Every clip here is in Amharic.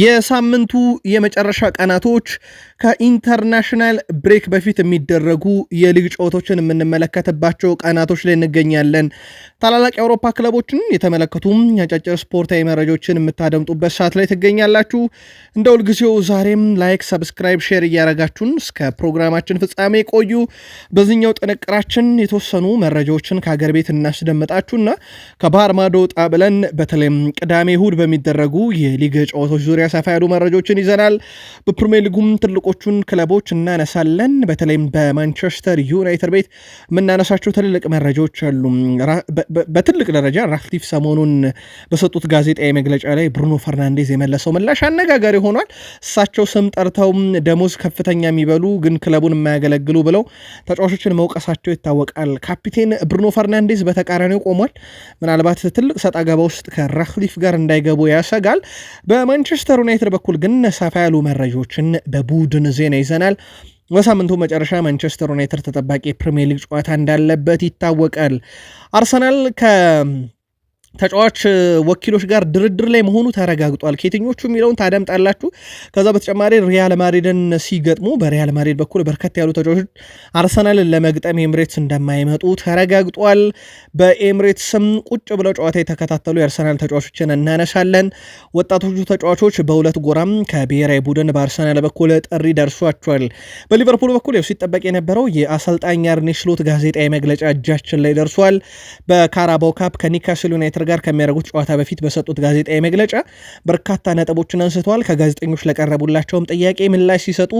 የሳምንቱ የመጨረሻ ቀናቶች ከኢንተርናሽናል ብሬክ በፊት የሚደረጉ የሊግ ጨዋታዎችን የምንመለከትባቸው ቀናቶች ላይ እንገኛለን። ታላላቅ የአውሮፓ ክለቦችን የተመለከቱም አጫጭር ስፖርታዊ መረጃዎችን የምታደምጡበት ሰዓት ላይ ትገኛላችሁ። እንደ ሁልጊዜው ዛሬም ላይክ፣ ሰብስክራይብ፣ ሼር እያረጋችሁን እስከ ፕሮግራማችን ፍጻሜ ቆዩ። በዚህኛው ጥንቅራችን የተወሰኑ መረጃዎችን ከሀገር ቤት እናስደምጣችሁና ከባህር ማዶ ወጣ ብለን በተለይም ቅዳሜ እሁድ በሚደረጉ የሊግ ጨዋታዎች ዙሪያ ሰፋ ያሉ መረጃዎችን ይዘናል። በፕሪሚየር ሊጉም ትልቆቹን ክለቦች እናነሳለን። በተለይም በማንቸስተር ዩናይትድ ቤት የምናነሳቸው ትልልቅ መረጃዎች አሉ። በትልቅ ደረጃ ራክቲቭ ሰሞኑን በሰጡት ጋዜጣዊ መግለጫ ላይ ብሩኖ ፈርናንዴዝ የመለሰው ምላሽ አነጋጋሪ ሆኗል። እሳቸው ስም ጠርተው ደሞዝ ከፍተኛ የሚበሉ ግን ክለቡን የማያገለግሉ ብለው ተጫዋቾችን መውቀሳቸው ይታወቃል። ካፒቴን ብሩኖ ፈርናንዴዝ በተቃራኒው ቆሟል። ምናልባት ትልቅ ሰጣ ገባ ውስጥ ከራክሊፍ ጋር እንዳይገቡ ያሰጋል። በማንቸስተር ዩናይትድ በኩል ግን ሰፋ ያሉ መረጃዎችን በቡድን ዜና ይዘናል። በሳምንቱ መጨረሻ ማንቸስተር ዩናይትድ ተጠባቂ የፕሪምየር ሊግ ጨዋታ እንዳለበት ይታወቃል። አርሰናል ከ ተጫዋች ወኪሎች ጋር ድርድር ላይ መሆኑ ተረጋግጧል። ከየትኞቹ የሚለውን ታደምጣላችሁ። ከዛ በተጨማሪ ሪያል ማድሪድን ሲገጥሙ በሪያል ማድሪድ በኩል በርከት ያሉ ተጫዋቾች አርሰናልን ለመግጠም ኤምሬትስ እንደማይመጡ ተረጋግጧል። በኤምሬትስም ቁጭ ብለው ጨዋታ የተከታተሉ የአርሰናል ተጫዋቾችን እናነሳለን። ወጣቶቹ ተጫዋቾች በሁለት ጎራም ከብሔራዊ ቡድን በአርሰናል በኩል ጥሪ ደርሷቸዋል። በሊቨርፑል በኩል ያው ሲጠበቅ የነበረው የአሰልጣኝ አርኔ ስሎት ጋዜጣዊ መግለጫ እጃችን ላይ ደርሷል። በካራባው ካፕ ከኒካስል ዩናይትድ ከሌስተር ጋር ከሚያደርጉት ጨዋታ በፊት በሰጡት ጋዜጣዊ መግለጫ በርካታ ነጥቦችን አንስተዋል። ከጋዜጠኞች ለቀረቡላቸውም ጥያቄ ምላሽ ሲሰጡ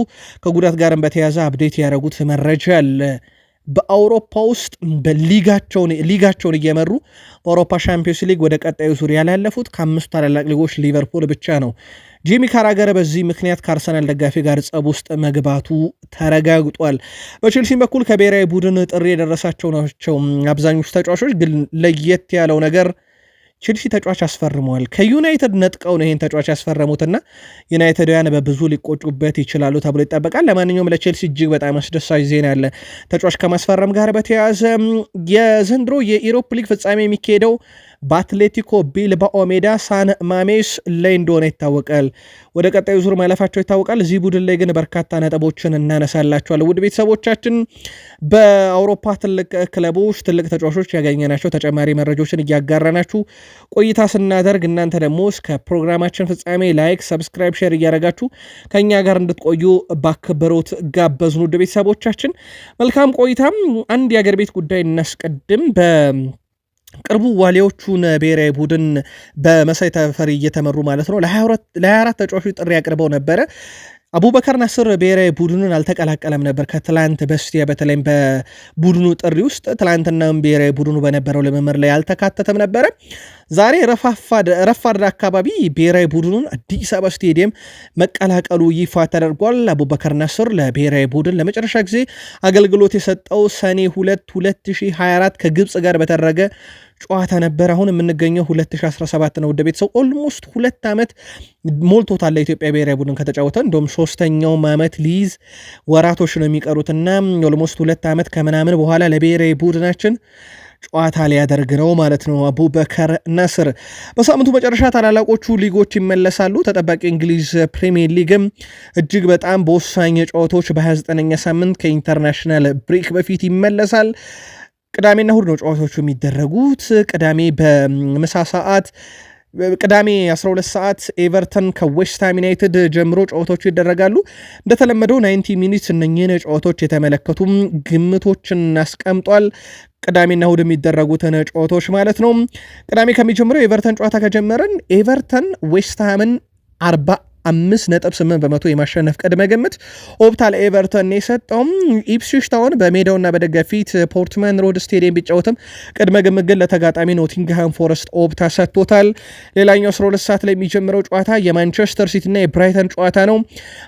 ከጉዳት ጋርም በተያያዘ አብዴት ያደረጉት መረጃ አለ። በአውሮፓ ውስጥ ሊጋቸውን እየመሩ በአውሮፓ ሻምፒዮንስ ሊግ ወደ ቀጣዩ ዙር ያላለፉት ከአምስቱ ታላላቅ ሊጎች ሊቨርፑል ብቻ ነው። ጂሚ ካራገር በዚህ ምክንያት ከአርሰናል ደጋፊ ጋር ጸብ ውስጥ መግባቱ ተረጋግጧል። በቼልሲም በኩል ከብሔራዊ ቡድን ጥሪ የደረሳቸው ናቸው አብዛኞቹ ተጫዋቾች። ግን ለየት ያለው ነገር ቼልሲ ተጫዋች አስፈርመዋል። ከዩናይትድ ነጥቀው ነው ይህን ተጫዋች ያስፈረሙትና ዩናይትዳውያን በብዙ ሊቆጩበት ይችላሉ ተብሎ ይጠበቃል። ለማንኛውም ለቼልሲ እጅግ በጣም አስደሳች ዜና ያለ ተጫዋች ከማስፈረም ጋር በተያያዘ የዘንድሮ የኢሮፕ ሊግ ፍጻሜ የሚካሄደው በአትሌቲኮ ቢልባኦ ሜዳ ሳን ማሜስ ላይ እንደሆነ ይታወቃል። ወደ ቀጣዩ ዙር ማለፋቸው ይታወቃል። እዚህ ቡድን ላይ ግን በርካታ ነጥቦችን እናነሳላቸዋል። ውድ ቤተሰቦቻችን በአውሮፓ ትልቅ ክለቦች፣ ትልቅ ተጫዋቾች ያገኘናቸው ተጨማሪ መረጃዎችን እያጋራናችሁ ቆይታ ስናደርግ እናንተ ደግሞ እስከ ፕሮግራማችን ፍጻሜ ላይክ፣ ሰብስክራይብ፣ ሼር እያደረጋችሁ ከእኛ ጋር እንድትቆዩ ባክብሮት ጋበዝን። ውድ ቤተሰቦቻችን መልካም ቆይታም። አንድ የአገር ቤት ጉዳይ እናስቀድም በ ቅርቡ ዋሊያዎቹን ብሔራዊ ቡድን በመሳይ ተፈሪ እየተመሩ ማለት ነው ለ24 ተጫዋቾች ጥሪ አቅርበው ነበረ። አቡበከር ናስር ብሔራዊ ቡድኑን አልተቀላቀለም ነበር ከትላንት በስቲያ በተለይም በቡድኑ ጥሪ ውስጥ ትላንትናም ብሔራዊ ቡድኑ በነበረው ልምምድ ላይ አልተካተተም ነበረ። ዛሬ ረፋድ አካባቢ ብሔራዊ ቡድኑን አዲስ አበባ ስቴዲየም መቀላቀሉ ይፋ ተደርጓል። አቡበከር ናስር ለብሔራዊ ቡድን ለመጨረሻ ጊዜ አገልግሎት የሰጠው ሰኔ 2 2024 ከግብፅ ጋር በተደረገ ጨዋታ ነበር። አሁን የምንገኘው 2017 ነው። ውድ ቤተሰብ ኦልሞስት ሁለት ዓመት ሞልቶታል ለኢትዮጵያ ብሔራዊ ቡድን ከተጫወተ። እንደውም ሶስተኛውም ዓመት ሊይዝ ወራቶች ነው የሚቀሩትና ኦልሞስት ሁለት ዓመት ከምናምን በኋላ ለብሔራዊ ቡድናችን ጨዋታ ሊያደርግ ነው ማለት ነው። አቡበከር ነስር በሳምንቱ መጨረሻ ታላላቆቹ ሊጎች ይመለሳሉ። ተጠባቂ እንግሊዝ ፕሪሚየር ሊግም እጅግ በጣም በወሳኝ ጨዋታዎች በ29ኛ ሳምንት ከኢንተርናሽናል ብሬክ በፊት ይመለሳል። ቅዳሜና እሁድ ነው ጨዋታዎቹ የሚደረጉት። ቅዳሜ በምሳ ሰዓት ቅዳሜ 12 ሰዓት ኤቨርተን ከዌስትሃም ዩናይትድ ጀምሮ ጨዋታዎቹ ይደረጋሉ። እንደተለመደው 90 ሚኒትስ እነኝህን ጨዋታዎች የተመለከቱም ግምቶችን አስቀምጧል። ቅዳሜና እሁድ የሚደረጉትን ጨዋታዎች ማለት ነው። ቅዳሜ ከሚጀምረው ኤቨርተን ጨዋታ ከጀመረን ኤቨርተን ዌስትሃምን አርባ 5.8 በመቶ የማሸነፍ ቅድመ ግምት ኦፕታል ኤቨርተን የሰጠውም ኢፕስዊች ታውን በሜዳውና በደገፊት ፖርትመን ሮድ ስቴዲየም ቢጫወትም ቅድመ ግምት ግን ለተጋጣሚ ኖቲንግሃም ፎረስት ኦፕታ ሰጥቶታል። ሌላኛው 12 ሰዓት ላይ የሚጀምረው ጨዋታ የማንቸስተር ሲቲ እና የብራይተን ጨዋታ ነው።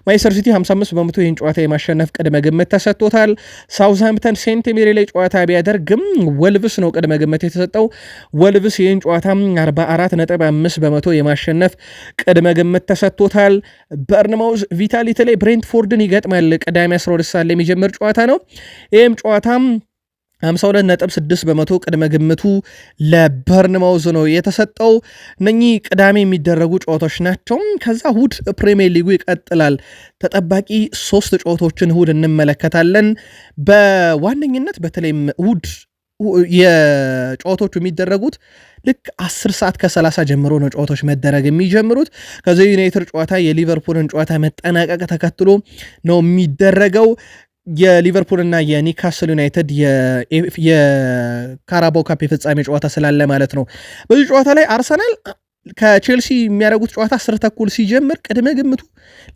ማንቸስተር ሲቲ 55 በመቶ ይህን ጨዋታ የማሸነፍ ቅድመ ግምት ተሰጥቶታል። ሳውዝሃምፕተን ሴንት ሜሪ ላይ ጨዋታ ቢያደርግም ወልቭስ ነው ቅድመ ግምት የተሰጠው። ወልቭስ ይህን ጨዋታ 44 5 በመቶ የማሸነፍ ቅድመ ግምት ተሰጥቶታል። ይጠብቁታል። በርንማውዝ ቪታሊቲ ላይ ብሬንትፎርድን ይገጥማል። ቅዳሜ 12 ሰዓት ላይ የሚጀምር ጨዋታ ነው። ይህም ጨዋታም 52.6 በመቶ ቅድመ ግምቱ ለበርንማውዝ ነው የተሰጠው። እነኚህ ቅዳሜ የሚደረጉ ጨዋታዎች ናቸው። ከዛ እሁድ ፕሪሚየር ሊጉ ይቀጥላል። ተጠባቂ ሶስት ጨዋታዎችን እሁድ እንመለከታለን። በዋነኝነት በተለይም እሁድ የጨዋታዎቹ የሚደረጉት ልክ አስር ሰዓት ከሰላሳ ጀምሮ ነው ጨዋታዎች መደረግ የሚጀምሩት። ከዚ ዩናይትድ ጨዋታ የሊቨርፑልን ጨዋታ መጠናቀቅ ተከትሎ ነው የሚደረገው። የሊቨርፑልና የኒካስል ዩናይትድ የካራባው ካፕ የፍጻሜ ጨዋታ ስላለ ማለት ነው። በዚህ ጨዋታ ላይ አርሰናል ከቼልሲ የሚያደርጉት ጨዋታ አስር ተኩል ሲጀምር ቅድመ ግምቱ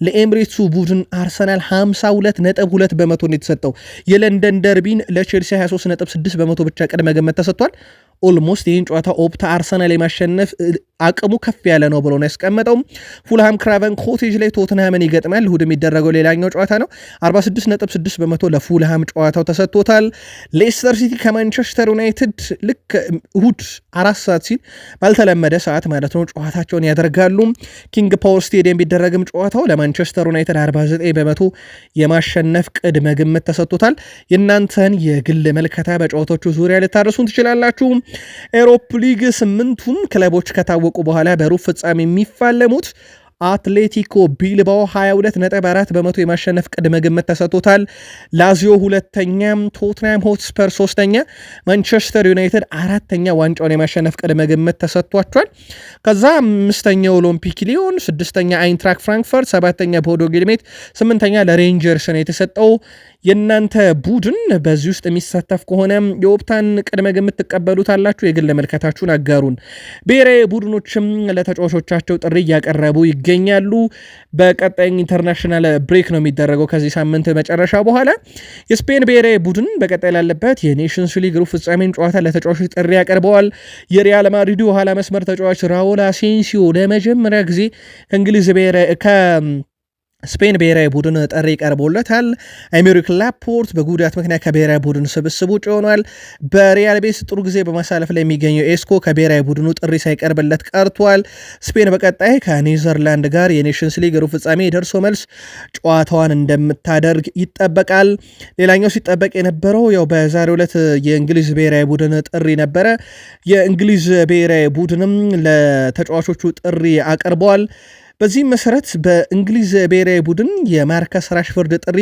ለኤምሬትሱ ቡድን አርሰናል 52 ነጥብ 2 በመቶ ነው የተሰጠው። የለንደን ደርቢን ለቼልሲ 23 ነጥብ 6 በመቶ ብቻ ቅድመ ግምት ተሰጥቷል። ኦልሞስት ይህን ጨዋታ ኦፕታ አርሰናል የማሸነፍ አቅሙ ከፍ ያለ ነው ብሎ ነው ያስቀመጠው። ፉልሃም ክራቨን ኮቴጅ ላይ ቶትንሃምን ይገጥማል። እሁድ የሚደረገው ሌላኛው ጨዋታ ነው። 46.6 በመቶ ለፉልሃም ጨዋታው ተሰጥቶታል። ሌስተር ሲቲ ከማንቸስተር ዩናይትድ ልክ እሁድ አራት ሰዓት ሲል ባልተለመደ ሰዓት ማለት ነው ጨዋታቸውን ያደርጋሉ። ኪንግ ፓወር ስቴዲየም ቢደረግም ጨዋታው ለማንቸስተር ዩናይትድ 49 በመቶ የማሸነፍ ቅድመ ግምት ተሰጥቶታል። የእናንተን የግል መልከታ በጨዋታዎቹ ዙሪያ ልታደርሱን ትችላላችሁ። ኤሮፕ ሊግ ስምንቱም ክለቦች ከታወቁ በኋላ በሩብ ፍጻሜ የሚፋለሙት አትሌቲኮ ቢልባኦ 22 4 በመቶ የማሸነፍ ቅድመ ግምት ተሰጥቶታል። ላዚዮ ሁለተኛም፣ ቶትናም ሆትስፐር ሶስተኛ፣ ማንቸስተር ዩናይትድ አራተኛ ዋንጫውን የማሸነፍ ቅድመ ግምት ተሰጥቷቸዋል። ከዛ አምስተኛ ኦሎምፒክ ሊዮን፣ ስድስተኛ አይንትራክ ፍራንክፈርት፣ ሰባተኛ ቦዶ ግሊምት፣ ስምንተኛ ለሬንጀርስ ነው የተሰጠው። የእናንተ ቡድን በዚህ ውስጥ የሚሳተፍ ከሆነ የኦፕታን ቅድመ ግምት ትቀበሉት የግል መልከታችሁን አጋሩን። ብሔራዊ ቡድኖችም ለተጫዋቾቻቸው ጥሪ እያቀረቡ ይገኛሉ። በቀጣይ ኢንተርናሽናል ብሬክ ነው የሚደረገው ከዚህ ሳምንት መጨረሻ በኋላ። የስፔን ብሔራዊ ቡድን በቀጣይ ላለበት የኔሽንስ ሊግ ሩብ ፍጻሜን ጨዋታ ለተጫዋቾች ጥሪ ያቀርበዋል። የሪያል ማድሪዱ ኋላ መስመር ተጫዋች ራውል አሴንሲዮ ለመጀመሪያ ጊዜ ከእንግሊዝ ብሔራዊ ስፔን ብሔራዊ ቡድን ጥሪ ቀርቦለታል። አሜሪክ ላፖርት በጉዳት ምክንያት ከብሔራዊ ቡድን ስብስብ ውጭ ሆኗል። በሪያል ቤስ ጥሩ ጊዜ በማሳለፍ ላይ የሚገኘው ኤስኮ ከብሔራዊ ቡድኑ ጥሪ ሳይቀርብለት ቀርቷል። ስፔን በቀጣይ ከኔዘርላንድ ጋር የኔሽንስ ሊግ ሩብ ፍጻሜ የደርሶ መልስ ጨዋታዋን እንደምታደርግ ይጠበቃል። ሌላኛው ሲጠበቅ የነበረው ያው በዛሬው ዕለት የእንግሊዝ ብሔራዊ ቡድን ጥሪ ነበረ። የእንግሊዝ ብሔራዊ ቡድንም ለተጫዋቾቹ ጥሪ አቅርበዋል። በዚህም መሰረት በእንግሊዝ ብሔራዊ ቡድን የማርከስ ራሽፎርድ ጥሪ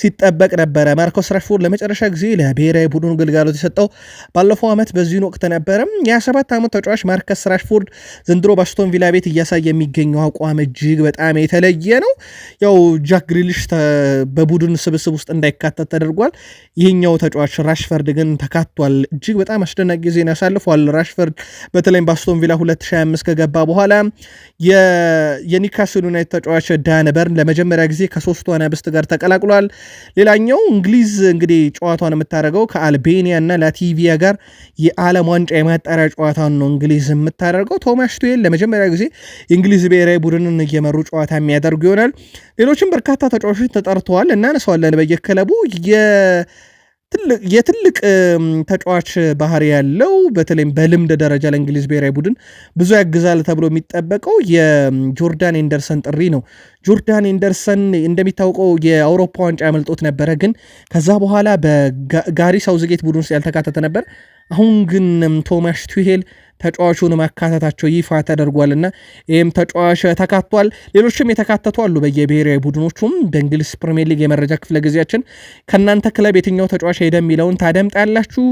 ሲጠበቅ ነበረ። ማርከስ ራሽፎርድ ለመጨረሻ ጊዜ ለብሔራዊ ቡድኑ ግልጋሎት የሰጠው ባለፈው ዓመት በዚህን ወቅት ነበረ። የ27 ዓመት ተጫዋች ማርከስ ራሽፎርድ ዘንድሮ በአስቶን ቪላ ቤት እያሳየ የሚገኘው አቋም እጅግ በጣም የተለየ ነው። ያው ጃክ ግሪሊሽ በቡድን ስብስብ ውስጥ እንዳይካተት ተደርጓል። ይህኛው ተጫዋች ራሽፈርድ ግን ተካቷል። እጅግ በጣም አስደናቂ ጊዜን ያሳልፏል። ራሽፈርድ በተለይም በአስቶን ቪላ 2025 ከገባ በኋላ የ የኒካስል ዩናይት ተጫዋች ዳያን በርን ለመጀመሪያ ጊዜ ከሶስቱ አናብስት ጋር ተቀላቅሏል። ሌላኛው እንግሊዝ እንግዲህ ጨዋታውን የምታደርገው ከአልቤኒያ እና ላቲቪያ ጋር የዓለም ዋንጫ የማጣሪያ ጨዋታን ነው እንግሊዝ የምታደርገው። ቶማስ ቱዌል ለመጀመሪያ ጊዜ የእንግሊዝ ብሔራዊ ቡድንን እየመሩ ጨዋታ የሚያደርጉ ይሆናል። ሌሎችም በርካታ ተጫዋቾች ተጠርተዋል፣ እናነሳዋለን በየክለቡ የትልቅ ተጫዋች ባህሪ ያለው በተለይም በልምድ ደረጃ ለእንግሊዝ ብሔራዊ ቡድን ብዙ ያግዛል ተብሎ የሚጠበቀው የጆርዳን ኤንደርሰን ጥሪ ነው። ጆርዳን ኤንደርሰን እንደሚታወቀው የአውሮፓ ዋንጫ ያመልጦት ነበረ፣ ግን ከዛ በኋላ በጋሪ ሳውዝጌት ቡድን ውስጥ ያልተካተተ ነበር። አሁን ግን ቶማስ ቱሄል ተጫዋቹን ማካተታቸው ይፋ ተደርጓልና ይህም ተጫዋች ተካቷል። ሌሎችም የተካተቱ አሉ በየብሔራዊ ቡድኖቹም። በእንግሊዝ ፕሪሚየር ሊግ የመረጃ ክፍለ ጊዜያችን ከእናንተ ክለብ የትኛው ተጫዋች ሄደ የሚለውን ታደምጣላችሁ።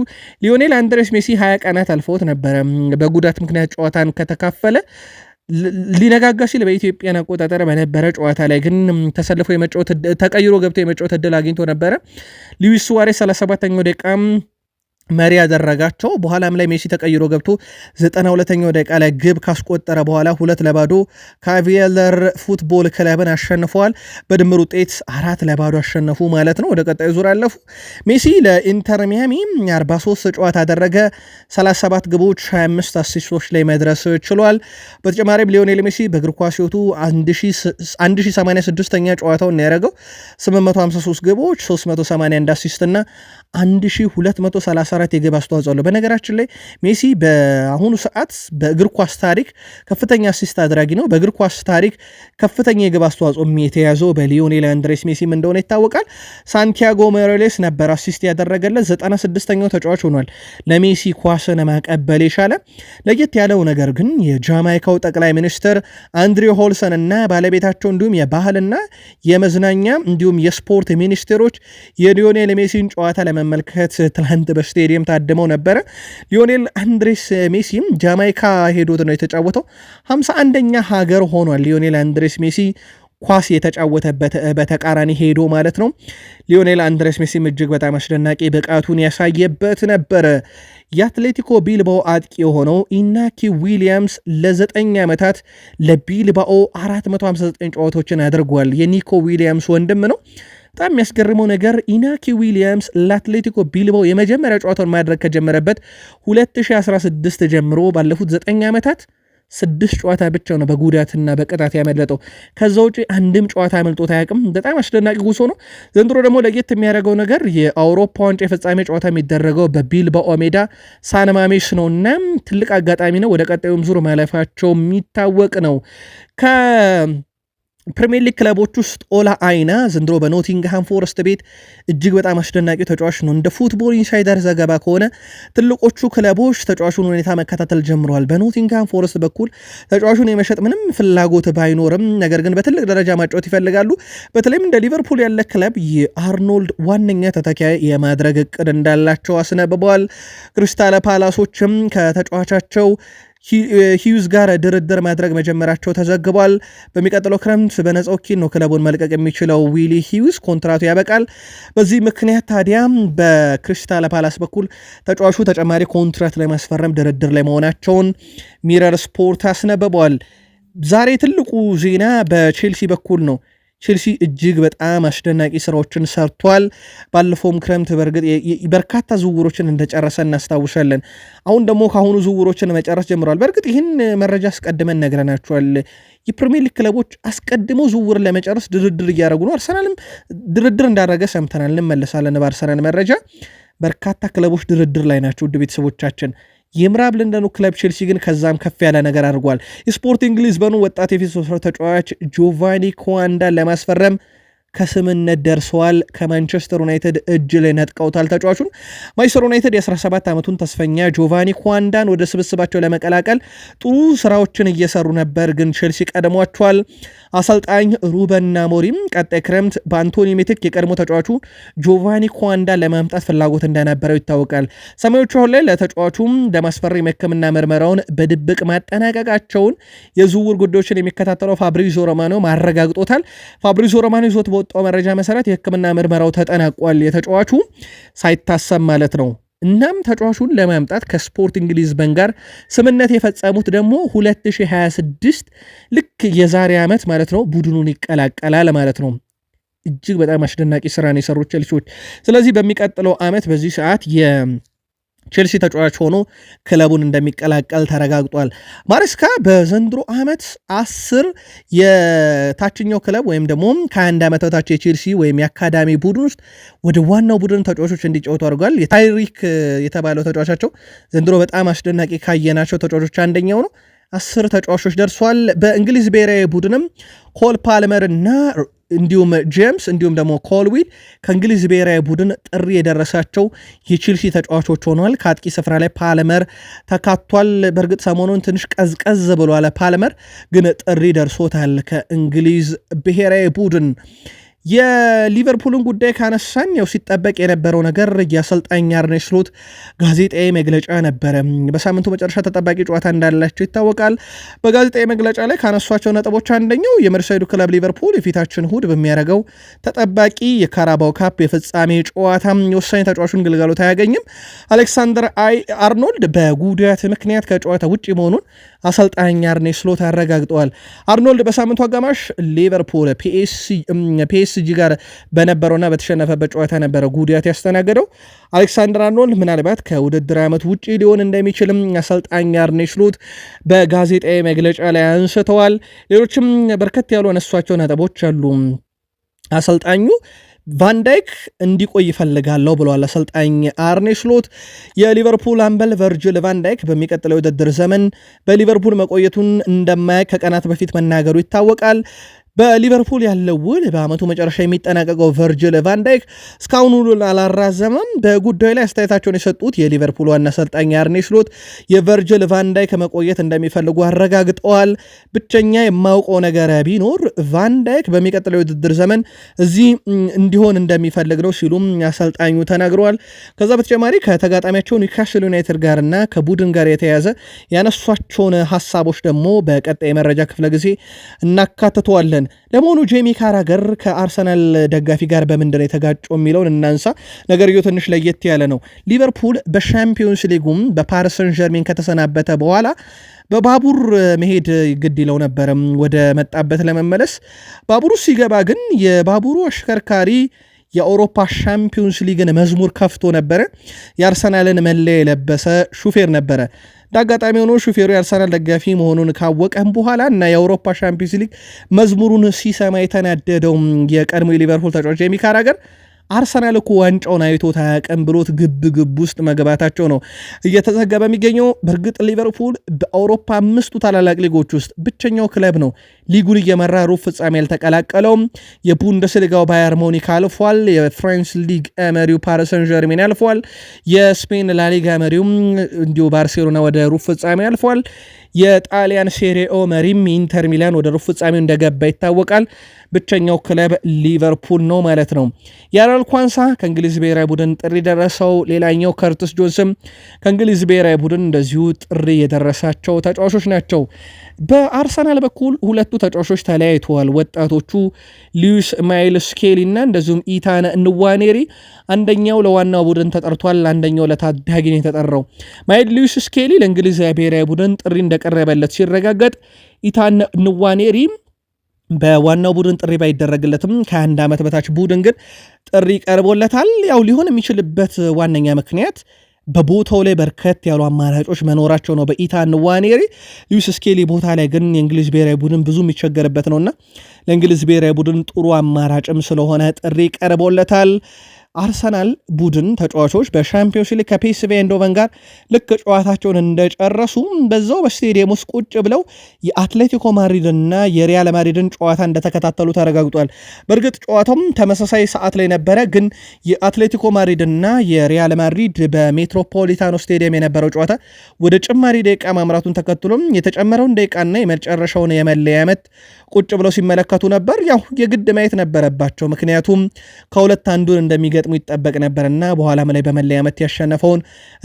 ሊዮኔል አንድሬስ ሜሲ ሀያ ቀናት አልፈውት ነበረ በጉዳት ምክንያት ጨዋታን ከተካፈለ ሊነጋጋ ሲል በኢትዮጵያን አቆጣጠር በነበረ ጨዋታ ላይ ግን ተሰልፎ ተቀይሮ ገብቶ የመጫወት እድል አግኝቶ ነበረ። ሉዊስ ሱዋሬስ 37ኛው ደቂቃም መሪ ያደረጋቸው በኋላም ላይ ሜሲ ተቀይሮ ገብቶ ዘጠና ሁለተኛው ደቂቃ ላይ ግብ ካስቆጠረ በኋላ ሁለት ለባዶ ካቪየለር ፉትቦል ክለብን አሸንፈዋል። በድምር ውጤት አራት ለባዶ አሸነፉ ማለት ነው። ወደ ቀጣዩ ዙር አለፉ። ሜሲ ለኢንተር ሚያሚ 43 ጨዋታ አደረገ። 37 ግቦች፣ 25 አሲስቶች ላይ መድረስ ችሏል። በተጨማሪም ሊዮኔል ሜሲ በእግር ኳስ ሕይወቱ 1086ኛ ጨዋታውን ያደረገው 853 ግቦች፣ 381 አሲስትና 1234 የግብ አስተዋጽኦ አለው። በነገራችን ላይ ሜሲ በአሁኑ ሰዓት በእግር ኳስ ታሪክ ከፍተኛ አሲስት አድራጊ ነው። በእግር ኳስ ታሪክ ከፍተኛ የግብ አስተዋጽኦ የተያዘው በሊዮኔል አንድሬስ ሜሲም እንደሆነ ይታወቃል። ሳንቲያጎ ሞሬሌስ ነበር አሲስት ያደረገለት። 96ኛው ተጫዋች ሆኗል ለሜሲ ኳስን ማቀበል የቻለ። ለየት ያለው ነገር ግን የጃማይካው ጠቅላይ ሚኒስትር አንድሪ ሆልሰን እና ባለቤታቸው እንዲሁም የባህልና የመዝናኛ እንዲሁም የስፖርት ሚኒስቴሮች የሊዮኔል ሜሲን ጨዋታ ለመመልከት ትላንት በስቴዲየም ታድመው ነበረ። ሊዮኔል አንድሬስ ሜሲም ጃማይካ ሄዶት ነው የተጫወተው 1 51ኛ ሀገር ሆኗል ሊዮኔል አንድሬስ ሜሲ ኳስ የተጫወተበት በተቃራኒ ሄዶ ማለት ነው። ሊዮኔል አንድሬስ ሜሲም እጅግ በጣም አስደናቂ ብቃቱን ያሳየበት ነበረ። የአትሌቲኮ ቢልባኦ አጥቂ የሆነው ኢናኪ ዊሊያምስ ለዘጠኝ ዓመታት ለቢልባኦ 459 ጨዋታዎችን አድርጓል። የኒኮ ዊሊያምስ ወንድም ነው። በጣም የሚያስገርመው ነገር ኢናኪ ዊሊያምስ ለአትሌቲኮ ቢልባው የመጀመሪያ ጨዋታውን ማድረግ ከጀመረበት 2016 ጀምሮ ባለፉት 9 ዓመታት ስድስት ጨዋታ ብቻ ነው በጉዳትና በቅጣት ያመለጠው። ከዛ ውጭ አንድም ጨዋታ አመልጦት አያውቅም። በጣም አስደናቂ ጉዞ ነው። ዘንድሮ ደግሞ ለየት የሚያደርገው ነገር የአውሮፓ ዋንጫ የፍጻሜ ጨዋታ የሚደረገው በቢልባኦ ሜዳ ሳንማሜስ ነው እና ትልቅ አጋጣሚ ነው። ወደ ቀጣዩም ዙር ማለፋቸው የሚታወቅ ነው። ፕሪሚየር ሊግ ክለቦች ውስጥ ኦላ አይና ዘንድሮ በኖቲንግሃም ፎረስት ቤት እጅግ በጣም አስደናቂ ተጫዋች ነው። እንደ ፉትቦል ኢንሳይደር ዘገባ ከሆነ ትልቆቹ ክለቦች ተጫዋቹን ሁኔታ መከታተል ጀምረዋል። በኖቲንግሃም ፎረስት በኩል ተጫዋቹን የመሸጥ ምንም ፍላጎት ባይኖርም፣ ነገር ግን በትልቅ ደረጃ ማጫወት ይፈልጋሉ። በተለይም እንደ ሊቨርፑል ያለ ክለብ የአርኖልድ ዋነኛ ተተኪ የማድረግ እቅድ እንዳላቸው አስነብበዋል። ክሪስታል ፓላሶችም ከተጫዋቻቸው ሂዩዝ ጋር ድርድር ማድረግ መጀመራቸው ተዘግቧል። በሚቀጥለው ክረምት በነጻ ወኪል ነው ክለቡን መልቀቅ የሚችለው ዊሊ ሂዩዝ ኮንትራቱ ያበቃል። በዚህ ምክንያት ታዲያ በክሪስታል ፓላስ በኩል ተጫዋቹ ተጨማሪ ኮንትራት ለማስፈረም ድርድር ላይ መሆናቸውን ሚረር ስፖርት አስነብቧል። ዛሬ ትልቁ ዜና በቼልሲ በኩል ነው። ቼልሲ እጅግ በጣም አስደናቂ ስራዎችን ሰርቷል። ባለፈውም ክረምት በእርግጥ በርካታ ዝውውሮችን እንደጨረሰ እናስታውሳለን። አሁን ደግሞ ከአሁኑ ዝውውሮችን መጨረስ ጀምሯል በእርግጥ ይህን መረጃ አስቀድመን ነግረናቸዋል። የፕሪሚየር ሊግ ክለቦች አስቀድመው ዝውር ለመጨረስ ድርድር እያደረጉ ነው። አርሰናልም ድርድር እንዳደረገ ሰምተናል። እንመለሳለን በአርሰናል መረጃ። በርካታ ክለቦች ድርድር ላይ ናቸው። ውድ ቤተሰቦቻችን የምዕራብ ለንደኑ ክለብ ቼልሲ ግን ከዛም ከፍ ያለ ነገር አድርጓል። ስፖርቲንግ ሊዝበኑ ወጣት የፊት ተጫዋች ጆቫኒ ኮዋንዳን ለማስፈረም ከስምነት ደርሰዋል። ከማንቸስተር ዩናይትድ እጅ ላይ ነጥቀውታል ተጫዋቹን። ማንቸስተር ዩናይትድ የ17 ዓመቱን ተስፈኛ ጆቫኒ ኳንዳን ወደ ስብስባቸው ለመቀላቀል ጥሩ ስራዎችን እየሰሩ ነበር፣ ግን ቼልሲ ቀድሟቸዋል። አሰልጣኝ ሩበን አሞሪም ቀጣይ ክረምት በአንቶኒ ሜትክ የቀድሞ ተጫዋቹ ጆቫኒ ኳንዳ ለማምጣት ፍላጎት እንደነበረው ይታወቃል። ሰማዮቹ አሁን ላይ ለተጫዋቹም ለማስፈረም የሕክምና ምርመራውን በድብቅ ማጠናቀቃቸውን የዝውውር ጉዳዮችን የሚከታተለው ፋብሪዞ ሮማኖ ማረጋግጦታል። ፋብሪዞ ሮማኖ ይዞት በወጣው መረጃ መሰረት የሕክምና ምርመራው ተጠናቋል። የተጫዋቹ ሳይታሰብ ማለት ነው። እናም ተጫዋቹን ለማምጣት ከስፖርቲንግ ሊዝበን ጋር ስምነት የፈጸሙት ደግሞ 2026 ልክ የዛሬ ዓመት ማለት ነው ቡድኑን ይቀላቀላል ማለት ነው። እጅግ በጣም አስደናቂ ስራን የሰሩት ቼልሲዎች ስለዚህ በሚቀጥለው ዓመት በዚህ ሰዓት የ ቼልሲ ተጫዋች ሆኖ ክለቡን እንደሚቀላቀል ተረጋግጧል። ማሬስካ በዘንድሮ ዓመት አስር የታችኛው ክለብ ወይም ደግሞ ከአንድ ዓመት በታች የቼልሲ ወይም የአካዳሚ ቡድን ውስጥ ወደ ዋናው ቡድን ተጫዋቾች እንዲጫወቱ አድርጓል። የታይሪክ የተባለው ተጫዋቻቸው ዘንድሮ በጣም አስደናቂ ካየናቸው ተጫዋቾች አንደኛው ነው። አስር ተጫዋቾች ደርሷል። በእንግሊዝ ብሔራዊ ቡድንም ኮል ፓልመር እና እንዲሁም ጄምስ እንዲሁም ደግሞ ኮልዊል ከእንግሊዝ ብሔራዊ ቡድን ጥሪ የደረሳቸው የቼልሲ ተጫዋቾች ሆኗል። ከአጥቂ ስፍራ ላይ ፓልመር ተካቷል። በእርግጥ ሰሞኑን ትንሽ ቀዝቀዝ ብሏል ፓልመር፣ ግን ጥሪ ደርሶታል ከእንግሊዝ ብሔራዊ ቡድን የሊቨርፑልን ጉዳይ ካነሳን ያው ሲጠበቅ የነበረው ነገር የአሰልጣኝ አርነ ስሎት ጋዜጣዊ መግለጫ ነበረ። በሳምንቱ መጨረሻ ተጠባቂ ጨዋታ እንዳላቸው ይታወቃል። በጋዜጣዊ መግለጫ ላይ ካነሷቸው ነጥቦች አንደኛው የመርሳይዱ ክለብ ሊቨርፑል የፊታችን እሁድ በሚያደርገው ተጠባቂ የካራባው ካፕ የፍጻሜ ጨዋታ የወሳኝ ተጫዋቹን ግልጋሎት አያገኝም። አሌክሳንደር አርኖልድ በጉዳት ምክንያት ከጨዋታ ውጭ መሆኑን አሰልጣኝ አርኔ ስሎት አረጋግጠዋል። አርኖልድ በሳምንቱ አጋማሽ ሊቨርፑል ፒኤስጂ ጋር በነበረውና በተሸነፈበት ጨዋታ ነበረ ጉዳት ያስተናገደው። አሌክሳንደር አርኖልድ ምናልባት ከውድድር ዓመት ውጪ ሊሆን እንደሚችልም አሰልጣኝ አርኔ ስሎት በጋዜጣዊ መግለጫ ላይ አንስተዋል። ሌሎችም በርከት ያሉ አነሷቸው ነጥቦች አሉ። አሰልጣኙ ቫንዳይክ እንዲቆይ ይፈልጋለሁ ብለዋል አሰልጣኝ አርኔ ስሎት። የሊቨርፑል አምበል ቨርጅል ቫንዳይክ በሚቀጥለው የውድድር ዘመን በሊቨርፑል መቆየቱን እንደማያውቅ ከቀናት በፊት መናገሩ ይታወቃል። በሊቨርፑል ያለው ውል በአመቱ መጨረሻ የሚጠናቀቀው ቨርጅል ቫንዳይክ እስካሁን ውሉን አላራዘመም። በጉዳዩ ላይ አስተያየታቸውን የሰጡት የሊቨርፑል ዋና አሰልጣኝ አርኔ ስሎት የቨርጅል ቫንዳይክ መቆየት እንደሚፈልጉ አረጋግጠዋል። ብቸኛ የማውቀው ነገር ቢኖር ቫንዳይክ በሚቀጥለው የውድድር ዘመን እዚህ እንዲሆን እንደሚፈልግ ነው ሲሉም አሰልጣኙ ተናግረዋል። ከዛ በተጨማሪ ከተጋጣሚያቸው ኒውካስል ዩናይትድ ጋርና ከቡድን ጋር የተያዘ ያነሷቸውን ሀሳቦች ደግሞ በቀጣይ የመረጃ ክፍለ ጊዜ እናካትተዋለን። አለን። ለመሆኑ ጄሚ ካራገር ከአርሰናል ደጋፊ ጋር በምንድን ነው የተጋጨው የሚለውን እናንሳ። ነገርየው ትንሽ ለየት ያለ ነው። ሊቨርፑል በሻምፒዮንስ ሊጉም በፓሪስ ጀርሜን ከተሰናበተ በኋላ በባቡር መሄድ ግድ ይለው ነበረም ወደ መጣበት ለመመለስ። ባቡሩ ሲገባ ግን የባቡሩ አሽከርካሪ የአውሮፓ ሻምፒዮንስ ሊግን መዝሙር ከፍቶ ነበረ። የአርሰናልን መለያ የለበሰ ሹፌር ነበረ። አጋጣሚ ሆኖ ሹፌሩ የአርሰናል ደጋፊ መሆኑን ካወቀም በኋላ እና የአውሮፓ ሻምፒዮንስ ሊግ መዝሙሩን ሲሰማ የተናደደው የቀድሞ የሊቨርፑል ተጫዋች ጄሚ ካራገር አርሰናል እኮ ዋንጫውን አይቶ ታያቀን ብሎት ግብ ግብ ውስጥ መግባታቸው ነው እየተዘገበ የሚገኘው። በእርግጥ ሊቨርፑል በአውሮፓ አምስቱ ታላላቅ ሊጎች ውስጥ ብቸኛው ክለብ ነው ሊጉን እየመራ ሩብ ፍጻሜ ያልተቀላቀለውም። የቡንደስሊጋው ባየር ሞኒክ አልፏል። የፍራንስ ሊግ መሪው ፓሪሰን ጀርሜን ያልፏል። የስፔን ላሊጋ መሪውም እንዲሁ ባርሴሎና ወደ ሩብ ፍጻሜ ያልፏል። የጣሊያን ሴሪኦ መሪም ኢንተር ሚላን ወደ ሩብ ፍጻሜው እንደገባ ይታወቃል። ብቸኛው ክለብ ሊቨርፑል ነው ማለት ነው። ያራል ኳንሳ ከእንግሊዝ ብሔራዊ ቡድን ጥሪ ደረሰው። ሌላኛው ከርትስ ጆንስም ከእንግሊዝ ብሔራዊ ቡድን እንደዚሁ ጥሪ የደረሳቸው ተጫዋቾች ናቸው። በአርሰናል በኩል ሁለቱ ተጫዋቾች ተለያይተዋል። ወጣቶቹ ሊዩስ ማይልስ ስኬሊ እና እንደዚሁም ኢታነ ንዋኔሪ፣ አንደኛው ለዋናው ቡድን ተጠርቷል፣ አንደኛው ለታዳጊ ነው የተጠራው። ማይል ሊዩስ ስኬሊ ለእንግሊዝ ብሔራዊ ቡድን ጥሪ እንደቀረበለት ሲረጋገጥ ኢታነ ንዋኔሪ በዋናው ቡድን ጥሪ ባይደረግለትም ከአንድ ዓመት በታች ቡድን ግን ጥሪ ቀርቦለታል። ያው ሊሆን የሚችልበት ዋነኛ ምክንያት በቦታው ላይ በርከት ያሉ አማራጮች መኖራቸው ነው በኢታን ንዋኔሪ። ዩስ ስኬሊ ቦታ ላይ ግን የእንግሊዝ ብሔራዊ ቡድን ብዙ የሚቸገርበት ነውና ለእንግሊዝ ብሔራዊ ቡድን ጥሩ አማራጭም ስለሆነ ጥሪ ቀርቦለታል። አርሰናል ቡድን ተጫዋቾች በሻምፒዮንስ ሊግ ከፒኤስቪ አይንዶቨን ጋር ልክ ጨዋታቸውን እንደጨረሱ በዛው በስቴዲየም ውስጥ ቁጭ ብለው የአትሌቲኮ ማድሪድና የሪያል ማድሪድን ጨዋታ እንደተከታተሉ ተረጋግጧል። በእርግጥ ጨዋታውም ተመሳሳይ ሰዓት ላይ ነበረ፣ ግን የአትሌቲኮ ማድሪድና የሪያል ማድሪድ በሜትሮፖሊታኖ ስቴዲየም የነበረው ጨዋታ ወደ ጭማሪ ደቂቃ ማምራቱን ተከትሎም የተጨመረውን ደቂቃና የመጨረሻውን የመለያ ምት ቁጭ ብለው ሲመለከቱ ነበር። ያው የግድ ማየት ነበረባቸው፣ ምክንያቱም ከሁለት አንዱን እንደሚገ እንደሚገጥሙ ይጠበቅ ነበርና በኋላም ላይ በመለያ ምት ያሸነፈውን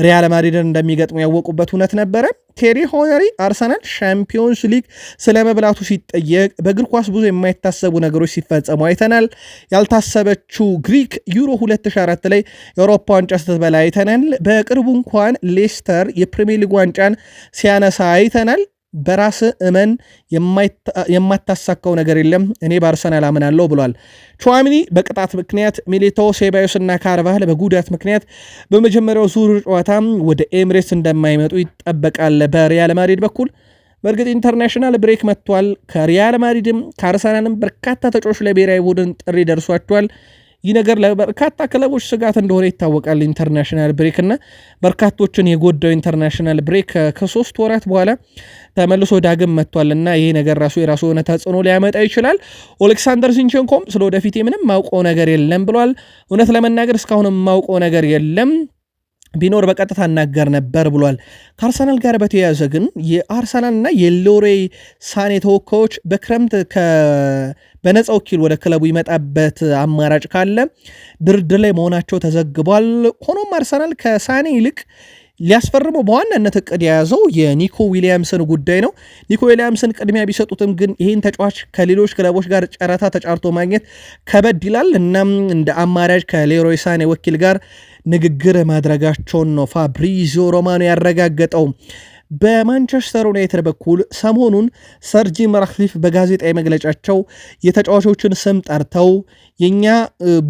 ሪያል ማድሪድን እንደሚገጥሙ ያወቁበት እውነት ነበረ። ቴሪ ሆነሪ አርሰናል ሻምፒዮንስ ሊግ ስለ መብላቱ ሲጠየቅ በእግር ኳስ ብዙ የማይታሰቡ ነገሮች ሲፈጸሙ አይተናል። ያልታሰበችው ግሪክ ዩሮ 2004 ላይ የአውሮፓ ዋንጫ ስትበላ አይተናል። በቅርቡ እንኳን ሌስተር የፕሪሚየር ሊግ ዋንጫን ሲያነሳ አይተናል። በራስ እመን የማታሳካው ነገር የለም፣ እኔ በአርሰናል አምናለሁ ብሏል። ቹዋሚኒ በቅጣት ምክንያት፣ ሚሊቶ እና ካርቫህል በጉዳት ምክንያት በመጀመሪያው ዙር ጨዋታ ወደ ኤምሬትስ እንደማይመጡ ይጠበቃል በሪያል ማድሪድ በኩል። በእርግጥ ኢንተርናሽናል ብሬክ መጥቷል። ከሪያል ማድሪድም ከአርሰናልም በርካታ ተጫዋቾች ለብሔራዊ ቡድን ጥሪ ደርሷቸዋል። ይህ ነገር ለበርካታ ክለቦች ስጋት እንደሆነ ይታወቃል። ኢንተርናሽናል ብሬክ እና በርካቶችን የጎዳው ኢንተርናሽናል ብሬክ ከሶስት ወራት በኋላ ተመልሶ ዳግም መጥቷል እና ይሄ ነገር ራሱ የራሱ የሆነ ተጽዕኖ ሊያመጣ ይችላል። ኦሌክሳንደር ሲንቸንኮም ስለ ወደፊት ምንም ማውቀው ነገር የለም ብሏል። እውነት ለመናገር እስካሁን ማውቀው ነገር የለም ቢኖር በቀጥታ እናገር ነበር ብሏል። ከአርሰናል ጋር በተያያዘ ግን የአርሰናልና የሎሬ ሳኔ ተወካዮች በክረምት በነፃ ወኪል ወደ ክለቡ ይመጣበት አማራጭ ካለ ድርድር ላይ መሆናቸው ተዘግቧል። ሆኖም አርሰናል ከሳኔ ይልቅ ሊያስፈርመው በዋናነት እቅድ የያዘው የኒኮ ዊሊያምስን ጉዳይ ነው። ኒኮ ዊሊያምስን ቅድሚያ ቢሰጡትም ግን ይህን ተጫዋች ከሌሎች ክለቦች ጋር ጨረታ ተጫርቶ ማግኘት ከበድ ይላል። እናም እንደ አማራጭ ከሌሮይ ሳኔ ወኪል ጋር ንግግር ማድረጋቸውን ነው ፋብሪዚዮ ሮማኖ ያረጋገጠው። በማንቸስተር ዩናይትድ በኩል ሰሞኑን ሰር ጂም ራትክሊፍ በጋዜጣዊ መግለጫቸው የተጫዋቾችን ስም ጠርተው የእኛ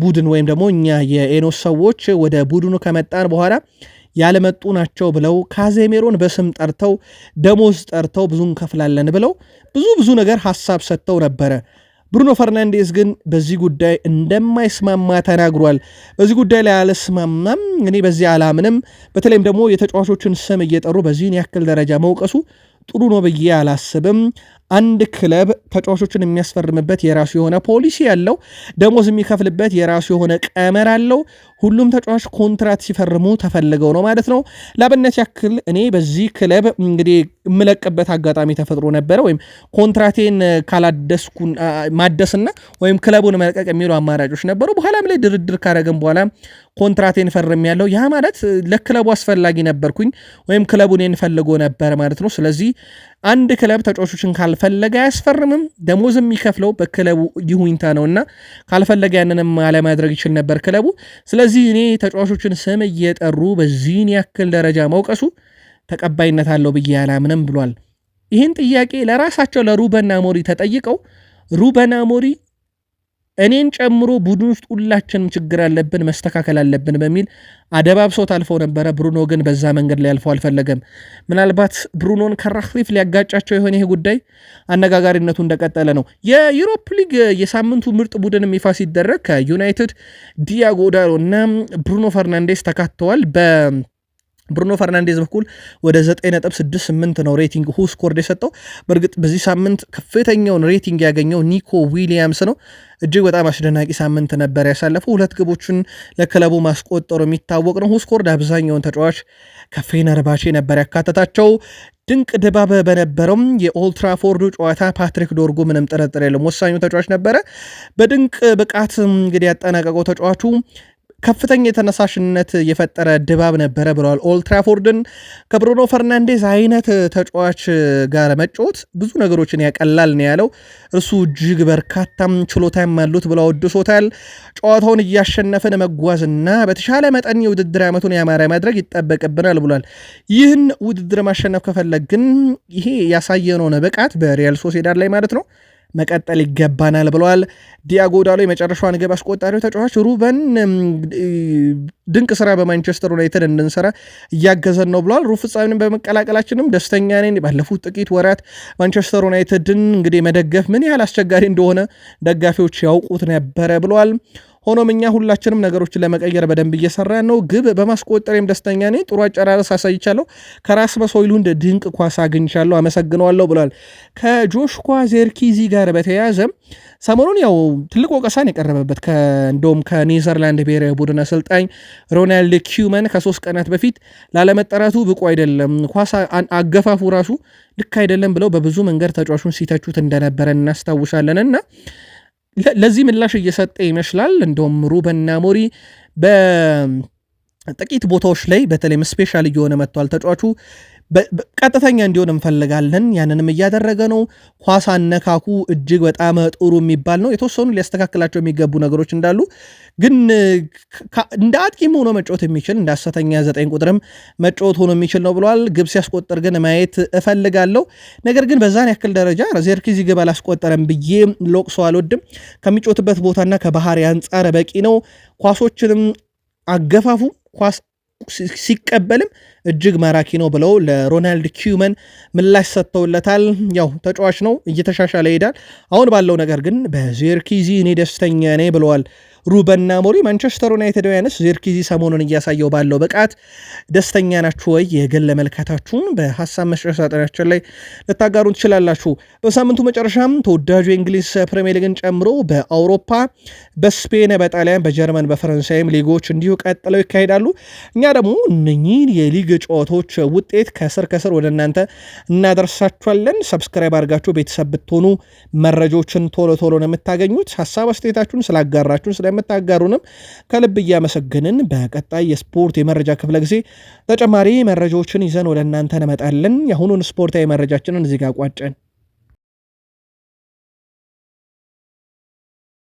ቡድን ወይም ደግሞ እኛ የኤኖስ ሰዎች ወደ ቡድኑ ከመጣን በኋላ ያለመጡ ናቸው ብለው ካዜሜሮን በስም ጠርተው ደሞዝ ጠርተው ብዙ እንከፍላለን ብለው ብዙ ብዙ ነገር ሀሳብ ሰጥተው ነበረ። ብሩኖ ፈርናንዴዝ ግን በዚህ ጉዳይ እንደማይስማማ ተናግሯል። በዚህ ጉዳይ ላይ አልስማማም፣ እኔ በዚህ አላምንም፣ በተለይም ደግሞ የተጫዋቾችን ስም እየጠሩ በዚህን ያክል ደረጃ መውቀሱ ጥሩ ነው ብዬ አላስብም። አንድ ክለብ ተጫዋቾችን የሚያስፈርምበት የራሱ የሆነ ፖሊሲ ያለው፣ ደሞዝ የሚከፍልበት የራሱ የሆነ ቀመር አለው። ሁሉም ተጫዋች ኮንትራት ሲፈርሙ ተፈልገው ነው ማለት ነው። ላብነት ያክል እኔ በዚህ ክለብ እንግዲህ የምለቅበት አጋጣሚ ተፈጥሮ ነበረ። ወይም ኮንትራቴን ካላደስኩ ማደስና ወይም ክለቡን መልቀቅ የሚሉ አማራጮች ነበሩ። በኋላም ላይ ድርድር ካረግን በኋላ ኮንትራቴን ፈርም ያለው ያ ማለት ለክለቡ አስፈላጊ ነበርኩኝ ወይም ክለቡን ፈልጎ ነበር ማለት ነው። ስለዚህ አንድ ክለብ ተጫዋቾችን ካልፈለገ አያስፈርምም። ደሞዝ የሚከፍለው በክለቡ ይሁኝታ ነውና ካልፈለገ ያንንም አለማድረግ ይችል ነበር ክለቡ። ስለዚህ እኔ ተጫዋቾችን ስም እየጠሩ በዚህን ያክል ደረጃ መውቀሱ ተቀባይነት አለው ብዬ አላምንም ብሏል። ይህን ጥያቄ ለራሳቸው ለሩበን አሞሪ ተጠይቀው ሩበን አሞሪ እኔን ጨምሮ ቡድን ውስጥ ሁላችንም ችግር አለብን፣ መስተካከል አለብን በሚል አደባብሶት አልፈው ነበረ። ብሩኖ ግን በዛ መንገድ ላይ አልፈው አልፈለገም። ምናልባት ብሩኖን ከራክሊፍ ሊያጋጫቸው የሆነ ይሄ ጉዳይ አነጋጋሪነቱ እንደቀጠለ ነው። የዩሮፕ ሊግ የሳምንቱ ምርጥ ቡድን ይፋ ሲደረግ ከዩናይትድ ዲያጎ ዳሎ እና ብሩኖ ፈርናንዴስ ተካተዋል በ ብሩኖ ፈርናንዴዝ በኩል ወደ 9.68 ነው ሬቲንግ ሁ ስኮርድ የሰጠው። በእርግጥ በዚህ ሳምንት ከፍተኛውን ሬቲንግ ያገኘው ኒኮ ዊሊያምስ ነው። እጅግ በጣም አስደናቂ ሳምንት ነበር ያሳለፉ ሁለት ግቦችን ለክለቡ ማስቆጠሩ የሚታወቅ ነው። ሁስኮርድ አብዛኛውን ተጫዋች ከፌነርባቼ ነበር ያካተታቸው። ድንቅ ድባብ በነበረውም የኦልትራፎርዱ ጨዋታ ፓትሪክ ዶርጉ ምንም ጥርጥር የለም ወሳኙ ተጫዋች ነበረ። በድንቅ ብቃት እንግዲህ ያጠናቀቀው ተጫዋቹ ከፍተኛ የተነሳሽነት የፈጠረ ድባብ ነበረ ብለዋል። ኦልትራፎርድን ከብሩኖ ፈርናንዴዝ አይነት ተጫዋች ጋር መጫወት ብዙ ነገሮችን ያቀላል ነው ያለው። እርሱ እጅግ በርካታም ችሎታም አሉት ብለው አወድሶታል። ጨዋታውን እያሸነፈን መጓዝና በተሻለ መጠን የውድድር ዓመቱን ያማረ ማድረግ ይጠበቅብናል ብሏል። ይህን ውድድር ማሸነፍ ከፈለግን ይሄ ያሳየነውን ብቃት በሪያል ሶሴዳድ ላይ ማለት ነው መቀጠል ይገባናል ብለዋል። ዲያጎ ዳሎ የመጨረሻዋን ግብ አስቆጣሪው ተጫዋች ሩበን ድንቅ ስራ በማንቸስተር ዩናይትድ እንድንሰራ እያገዘን ነው ብለዋል። ሩብ ፍጻሜን በመቀላቀላችንም ደስተኛ ነን። ባለፉት ጥቂት ወራት ማንቸስተር ዩናይትድን እንግዲህ መደገፍ ምን ያህል አስቸጋሪ እንደሆነ ደጋፊዎች ያውቁት ነበረ ብለዋል። ሆኖም እኛ ሁላችንም ነገሮችን ለመቀየር በደንብ እየሰራ ነው። ግብ በማስቆጠሬም ደስተኛ ነኝ። ጥሩ አጨራረስ አሳይቻለሁ። ከራስ በሶይሉንድ ድንቅ ኳስ አግኝቻለሁ። አመሰግነዋለሁ ብሏል። ከጆሽኳ ዜርኪዚ ጋር በተያያዘ ሰሞኑን ያው ትልቅ ወቀሳን የቀረበበት እንደውም ከኔዘርላንድ ብሔራዊ ቡድን አሰልጣኝ ሮናልድ ኪውመን ከሶስት ቀናት በፊት ላለመጠራቱ ብቁ አይደለም፣ ኳስ አገፋፉ ራሱ ልክ አይደለም ብለው በብዙ መንገድ ተጫዋቹን ሲተቹት እንደነበረ እናስታውሳለን እና ለዚህ ምላሽ እየሰጠ ይመስላል። እንደውም ሩበን አሞሪ በጥቂት ቦታዎች ላይ በተለይም ስፔሻል እየሆነ መጥቷል። ተጫዋቹ ቀጥተኛ እንዲሆን እንፈልጋለን። ያንንም እያደረገ ነው። ኳስ አነካኩ እጅግ በጣም ጥሩ የሚባል ነው። የተወሰኑ ሊያስተካክላቸው የሚገቡ ነገሮች እንዳሉ ግን እንደ አጥቂም ሆኖ መጫወት የሚችል እንደ አሰተኛ ዘጠኝ ቁጥርም መጫወት ሆኖ የሚችል ነው ብለዋል። ግብ ሲያስቆጠር ግን ማየት እፈልጋለሁ። ነገር ግን በዛን ያክል ደረጃ ዜርኪዚ ግብ አላስቆጠረም ብዬ ሎቅሶ አልወድም። ከሚጮትበት ቦታና ከባህሪ አንጻር በቂ ነው። ኳሶችንም አገፋፉ ኳስ ሲቀበልም እጅግ ማራኪ ነው ብለው ለሮናልድ ኪዩመን ምላሽ ሰጥተውለታል። ያው ተጫዋች ነው፣ እየተሻሻለ ይሄዳል። አሁን ባለው ነገር ግን በዜርኪዚ እኔ ደስተኛ ነኝ ብለዋል። ሩበን አሞሪም ማንቸስተር ያንስ ዜርኪዚ ሰሞኑን እያሳየው ባለው ብቃት ደስተኛ ናችሁ ወይ? የግል መልካታችሁን በሀሳብ መስጫ ሳጥናችን ላይ ልታጋሩ ትችላላችሁ። በሳምንቱ መጨረሻም ተወዳጁ የእንግሊዝ ፕሪሚየር ሊግን ጨምሮ በአውሮፓ በስፔን፣ በጣሊያን፣ በጀርመን፣ በፈረንሳይም ሊጎች እንዲሁ ቀጥለው ይካሄዳሉ። እኛ ደግሞ እነኚህን የሊግ ጨዋታዎች ውጤት ከስር ከስር ወደ እናንተ እናደርሳችኋለን። ሰብስክራይብ አድርጋችሁ ቤተሰብ ብትሆኑ መረጃዎችን ቶሎ ቶሎ ነው የምታገኙት። ሀሳብ አስተያየታችሁን ስላጋራችሁን ስለ ስለምታጋሩንም ከልብ እያመሰገንን በቀጣይ የስፖርት የመረጃ ክፍለ ጊዜ ተጨማሪ መረጃዎችን ይዘን ወደ እናንተ እንመጣለን። የአሁኑን ስፖርታዊ መረጃችንን እዚህ ጋር ቋጨን።